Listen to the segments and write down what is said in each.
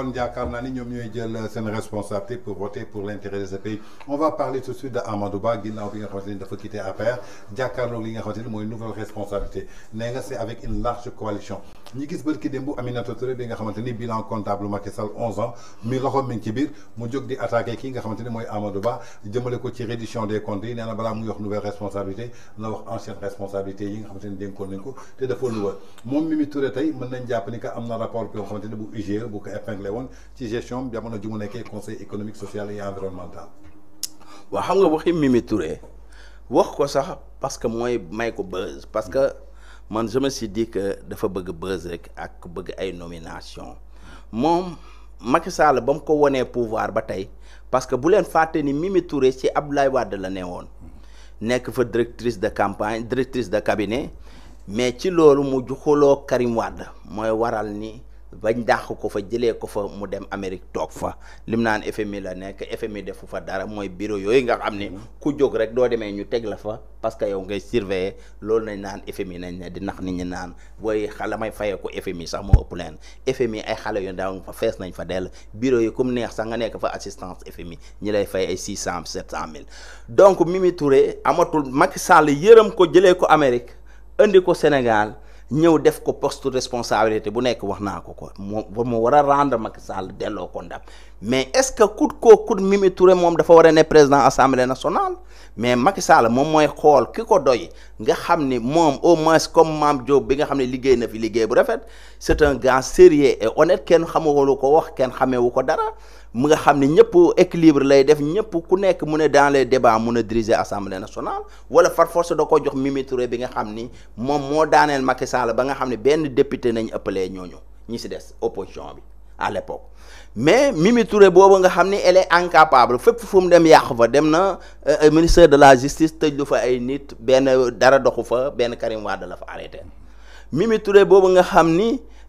kon yaakaar ni ñom ñoy jël une euh, responsabilité pour voter pour l'intérêt de ce pays on va parler tout de suite à Madouba, Ba ginnaaw bi nga xamante ni dafa quitté APR jàkkaarloog li nga moy nouvelle responsabilité né nga c'est avec une large coalition ñu gis barki démb Aminata Touré bi nga xamante bilan comptable Macky Sall 11 ans mi loxo min ci bir mu jog di attaquer ki nga xamante moy Amadou Ba jëmele ko ci reddition des comptes néna bala mu balaa wax nouvelle responsabilité la wax ancienne responsabilité yi nga xamante ni ko nañ ko te dafa luwa moom Mimi Touré tay mën nañ japp ni ka amna rapport bi nga xamante bu UGE bu ko épinglé won ci gestion bi ji mu conseil économique social et environnemental. Wa xam nga waxi Mimi Touré wax ko sax parce que moy may ko buzz parce que man je me suis dit que dafa bëgg buzz rek ak bëgg ay nomination mom Macky Sall ba ko woné pouvoir ba parce que bu len faté ni Mimi Touré ci Abdoulaye Wade la ne nek fa directrice de campagne directrice de cabinet mais ci lolu mu juxolo Karim Wade moy waral ni bañ dàq ko fa jëlee ko fa mu dem Amérique toog fa lim naan FMI la nekk FMI defu fa dara mooy bureau yooyu nga xam ne mm-hmm. ku jóg rek doo demee ñu teg la fa parce que yow ngay surveiller loolu nañ naan FMI nañ ne di nax ni ñi naan booy xala may fayee ko FMI sax moo ëpp leen FMI ay xale yu ndaw fa fees nañ fa dell bureau yi comme neex sax nga nekk fa assistance FMI ñi lay fay ay six cent sept cent mille donc Mimi Touré amatul Macky Sall yërëm ko jëlee ko Amérique indi ko Sénégal ñëw def ko poste responsabilité bu nekk wax naa ko ko moo moo war a rendre Macky Sall delloo ko ndam mais est-ce que kut koo kut Mimi Touré moom dafa war a ne président assemblée nationale mais Macky moom mooy xool ki ko doy nga xam ni moom au moins comme Mame Diop bi nga xam ne liggéey na fi liggéey bu rafet c'est un gars sérieux kenn xamewulu ko wax kenn xamewu ko dara mu nga xam ne ñëpp équilibre lay def ñëpp ku nekk mu ne dans les débats mun a diriger assemblée nationale wala far force ko jox Mimi bi nga xam ni moo daaneel Macky Sall ba nga xam ne benn député nañ ëppalee ñooñu ñi si des opposition bi à l'époque mais Mimi Touré elle est incapable Il faut euh, euh, de la justice tëj lu fa ay nit Karim Mimi Touré nga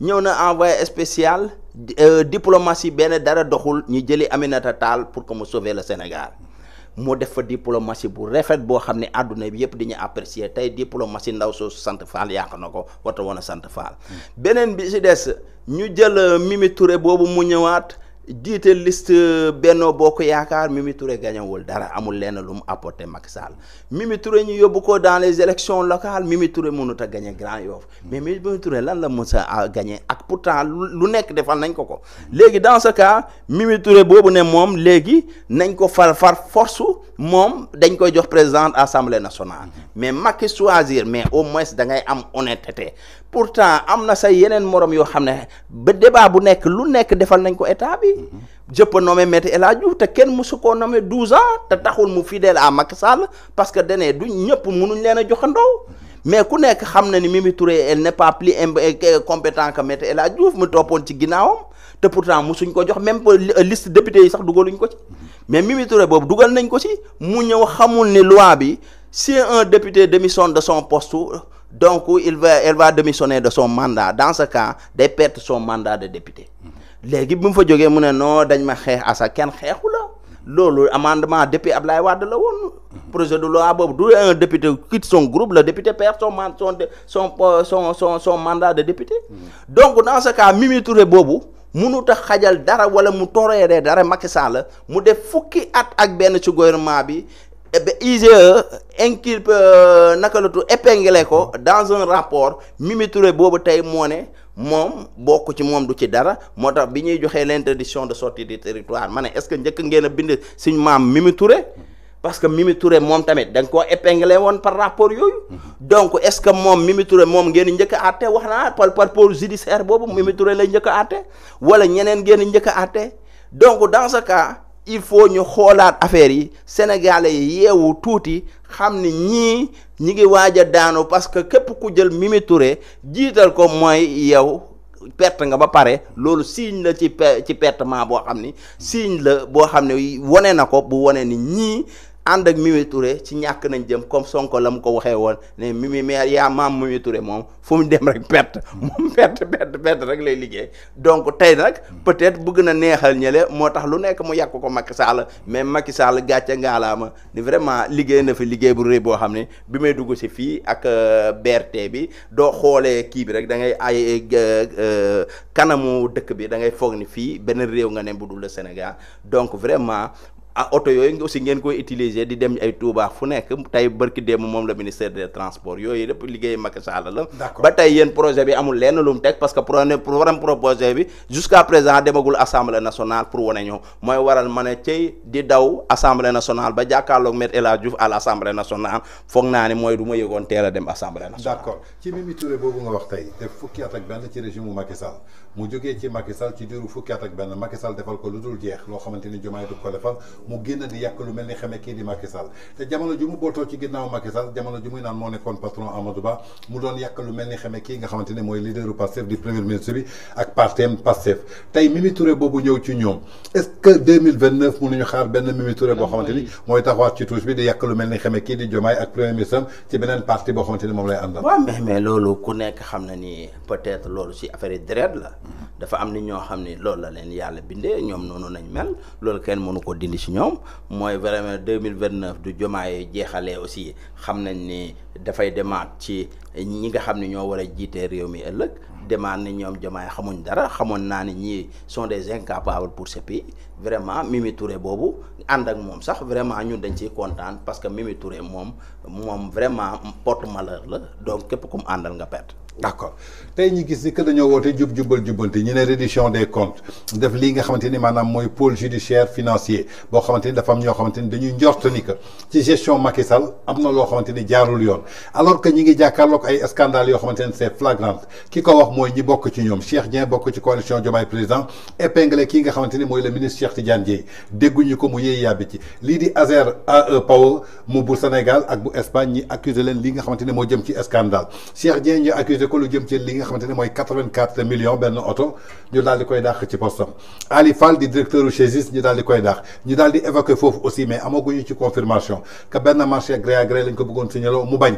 nous envoyé spécial euh, diplomatie ben, dara doxul Aminata pour sauver le Sénégal. moo def fa diplomatie bu rafet boo xam ne àdduna bi yëpp dañuy apprécier tey diplomatie ndaw soosu sant Fall yàq na ko warta woon a sant faal hmm. beneen bi si des ñu jël Mimi Touré boobu mu ñëwaat. list liste Benno Bokk Yaakaar mi Touré gañawul dara amul lenn lu mu apporté Macky Sall Mimi Touré ñu yóbbu ko dans les élections locales mi Touré mënut a gagné Grand Yoff mais Mimi Touré lan la mës a gagné lu nekk defal nañ ko ko léegi dans ce cas Mimi boobu ne moom léegi nañ ko far far force moom dañ koy jox président assemblée nationale mais Macky choisir mais au moins da ngay am honnêteté pourtant amna na say yeneen morom yo xam ba débat bu nek lu nek defal nañ ko état bi mhm. jepp a nommé Maître El ken musuko te nommé 12 ans te taxul mu fidèle à Macky Sall parce que danee du ñepp mënuñ leena a mhm. mais ku nek xam ni Mimi Touré elle n'est pas plus compétent que Maître El mu topone ci ginaawam te pourtant musuñ ko jox même liste député yi sax dugaluñ ko ci mhm. mais Mimi Touré boobu dugal nañ ko ci mu ñew xamul ni loi bi si un député démissionne de son poste donc il va elle va démissionner de son mandat dans ce cas day perdre son mandat de député léegi bi mu fa jógee mu ne non dañ ma xeex asa kenn xeexu la loolu amendement depuis Ablaye Wad, la projet de loi boobu du un député quitte son groupe le député perd son mandat son son son son mandat de député donc dans ce cas Mimi Touré bobo mënut xajal dara wala mu toreeree dara Macky Sall mu def fukki at ak benn ci gouvernement bi eh ben, IGE inculpe euh, naka la ko dans un rapport mimitouré bobu tay moné mom bokku ci mom du ci dara motax biñuy joxé l'interdiction de sortie du territoire mané est-ce que ñëk ngeen bind suñ mam parce que mimitouré mon tamet. tamit da nga koo par rapport yoyu donc est-ce que mom Mimi mom ngeen ñëk a àtte wax par rapport judiciaire bobu mimitouré lay ñëk a wala ñenen ngeen ñëk a donc dans ce cas. il faut ñu xoolaat affaire yi sénégalais yi yeewu tuuti xam ni ñii ñi ngi waaj a daanu parce que képp ku jël Mimi Touré jiital ko mooy yow perte nga ba pare loolu signe la ci ci pertement boo xam ni signe la boo xam ne wone na ko bu wone ni ñii ànd ak Mimi Touré ci ñàkk nañ jëm comme Sonko la mu ko waxee woon ne Mimi maire yaa maam Mimi Touré moom fu mu dem rek perte moom perte perte rek lay liggéey donc tey nag peut-être bëgg na neexal ñële moo tax lu nekk mu yàq ko Macky Sall mais Macky Sall gàcce ngaalaama ni vraiment liggéey na fi liggéey bu rëy boo xam ne bi may dugg si fii ak euh, BRT bi doo xoolee kii bi rek dangay ay euh, kanamu dëkk bi da ngay foog ni fii benn réew nga ne bu dul le Sénégal donc vraiment ah oto yooyu aussi ngeen koy utiliser di dem ay Touba fu nekk tey barki démb moom la ministère des transports yooyu lépp liggéey Macky Sall la ba tey yéen projet bi amul lenn lu mu teg parce que projet waram proposé bi jusqu'à présent demagul assemblée nationale pour wane ñëw mooy waral ma ne cey di daw assemblée nationale ba jàkkaarloog Me El Hadji Diouf à l'assemblée nationale foog naa ne mooy du ma yëgoon teel a dem assemblée nationale d'accord ci Mimi Touré boobu nga wax tey def fukki at ak benn ci régime Macky Sall mu jógee ci Macky Sall ci diiru fukki at ak benn Macky Sall defal ko lu dul jeex loo xamante ni Diomaye du ko defal mu génn di yàq lu mel ni xamee kii di Macky te jamono ju mu bootoo ci ginnaaw Macky jamono ju muy naan moo nekkoon patron Amadou mu doon yàq lu mel ni xamee kii nga xamante ne mooy leaderu Pastef di premier ministre bi ak partem Pastef tey Mimi Touré boobu ñëw ci ñoom est-ce que 2029 mënuñu xaar benn Mimi Touré boo xamante mooy taxawaat ci touche bi di yàq lu mel ni xamee kii di Diomaye ak premier ministre ci beneen parti boo xamante moom lay àndal. la mm-hmm. dafa am ni ñoo xam ni loolu la leen yàlla bindee ñoom noonu nañ mel loolu kenn mënu ko dindi ñom moy vraiment deux mille vingt neuf du Diomaye jeexalee aussi xamnañ ni da fay demaat ci ñi nga xamni ne ñoo war réew mi ëllëg. demaat ni ñoom xamuñ dara xamoon n'a ni sont des incapables pour ce pays vraiment Mimi Touré bobu and ak mom sax vraiment ñun dañ ci parce que Mimi Touré mom mom vraiment porte malheur la donc képp ku andal nga perte d'accord Tay ñi gis ni que dañoo woote jub jubal jubanti ñu ne reddition des comptes def li nga xamante ni maanaam mooy pôle judiciaire financier boo xamante ni dafa am ñoo xamante ni dañuy njort ni que ci gestion Macky Sall am na loo xamante ni jaarul yoon alors que ñi ngi jàkkaarloog ay scandales yoo xamante ni c'est flagrant ki ko wax mooy ñi bokk ci ñoom Cheikh Dieng bokk ci coalition Diomaye président épinglé kii nga xamante ni mooy le ministre Cheikh Tidiane Dièye dégguñu ko mu yéey yàbbi ci lii di Azer AE Power mu bu Sénégal ak bu Espagne ñi accusé leen li nga xamante ni moo jëm ci scandale Cheikh Dieng ñu accusé ko lu jëm ci li nga 84 millions benn auto ñu dal di koy dakh ci postam Ali Fall di directeur de chez ñu dal di koy dakh ñu dal di évacuer fofu aussi mais amaguñu ci confirmation que benn marché gré à gré lañ ko bëggoon signaloo mu bañ.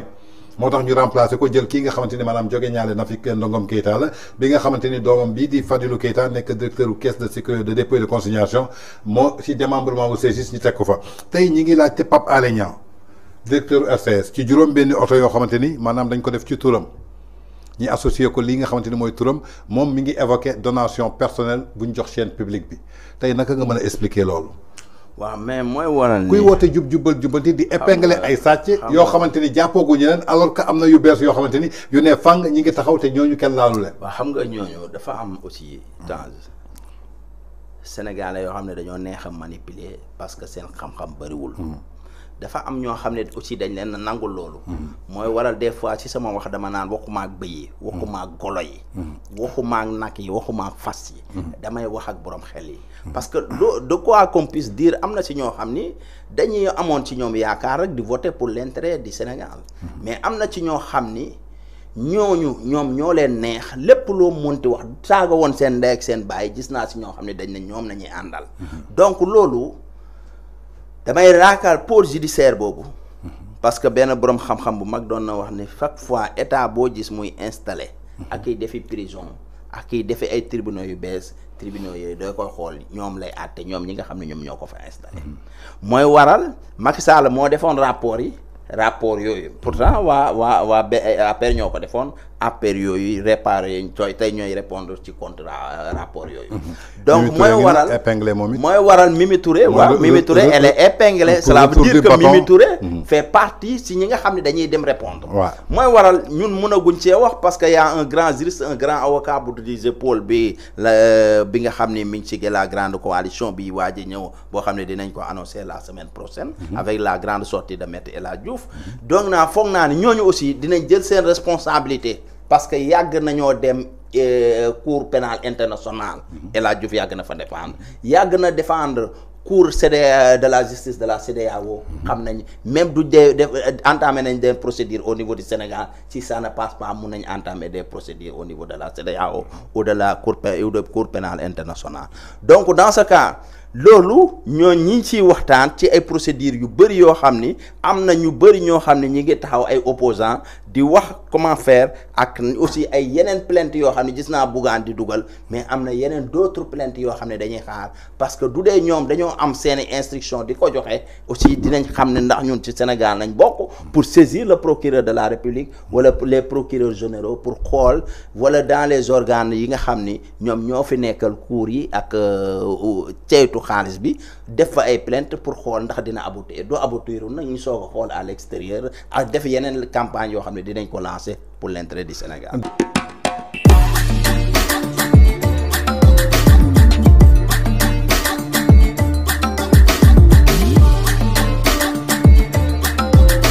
motax ñu remplacer ko jël ki nga xamanteni manam maanaam ñalé na fi ndongom Keita la bi nga xamanteni domam bi di fadilu Keita nek directeur u caisse de sécurité de dépôt de consignation mo ci démembrement au CGIS ñu tek ko fa tay ñi ngi la té pap Niang directeur RTS ci juroom benni auto yo xamanteni manam dañ ko def ci touram ñi associé ko li nga xamante ni mooy turam moom mi ngi évoqué donation personnelle bu ñu jox chaîne publique bi tey naka nga mën a expliquer loolu. waaw mais mooy waral kuy woote jub jubal jubanti di épingler ay sàcc yoo xamante ni jàppooguñu leen alors que am na yu bees yoo xamante ni yu ne fàng ñi ngi taxaw te ñooñu kenn laalu leen. waaw xam nga ñooñu dafa am aussi temps sénégalais yoo xam ne dañoo neex a manipuler parce que seen xam-xam bariwul. Hmm dafa am ñoo xam ne aussi dañ leen nangul loolu mooy waral des fois si sama wax dama naan waxuma ak bëy waxuma ak golo yi waxuma ak nag yi waxuma ak fas yi damay wax ak borom xel yi parce que de quoi qu'on puisse dire am na si ñoo xam ni dañuy amoon ci ñoom yaakaar rek di voter pour l'intérêt du Sénégal mais am na ci ñoo xam ni ñooñu ñoom ñoo leen neex lépp loo mënti wax saaga woon seen ndey ak seen bàyyi gis naa si ñoo xam ne dañ ne ñoom nañuy àndal donc loolu damay raakaar pôle judiciaire boobu parce que benn borom xam-xam bu mag doon na wax ne chaque fois état boo gis muy installé ak kiy defi prison ak kiy defi ay tribunaux yu bees tribunaux yooyu doo koy xool ñoom lay àtte ñoom ñi nga xam ne ñoom ñoo ko fa installé mhm. mooy waral Macky Sall moo defoon rapport yi rapport yooyu pourtant waa waa waa ba APR e ñoo ko defoon période yooyu réparé yi tooy tey ñooy répondre ci contrat euh, rapport yooyu. Mhm. donc moy waral épinglé moom it waral Mimi Touré. wa Mimi Touré elle est épinglée. cela veut dire que Mimi Touré. Mhm. fait partie si ñi nga xam dañuy dem répondre. moy waral ñun mënaguñ ci wax parce que y' a un grand juriste un grand avocat bu tudd Paul bi la euh, bi nga xam ne mi ci la grande coalition bi waji ñew bo boo dinañ ko annoncer la semaine prochaine. Mhm. avec la grande sortie de Maître et la Diouf. donc na foog naa ñooñu aussi dinañ jël sen responsabilité parce que yag a dem euh, cour pénal international mhm. et la Diouf yag na fa défendre yag na défendre cour CDA euh, de la justice de la CDAO mhm. même du entamer des procédures au niveau du Sénégal si ça ne passe pas on nañ entamer des procédures au niveau de la CDAO ou de la cour cour pénale internationale donc dans ce cas loolu ñoo ñi ci waxtaan ci ay procédure yu bari yoo xam ni am na ñu bari ñoo xam ne ñi ngi taxaw ay opposants di wax comment faire ak aussi ay yeneen plainte yoo xam ne gis naa buggaan di dugal mais am na yeneen d'autres plaintes yoo xam ne dañuy xaar parce que du dee ñoom dañoo am seeni instruction di ko joxe aussi dinañ xam ne ndax ñun ci Sénégal lañ bokk pour saisir le procureur de la République wala les procureurs généraux pour xool wala dans les organes yi nga xam ni ñoom ñoo fi nekkal cour yi ak euh, ceytu xaalis bi def fa ay plante pour xool ndax dina aboutir doo aboutir nag ñu soog a xool à l'extérieur ak def yeneen campagne yoo xam ne dinañ ko lancer pour l'intérêt di Sénégal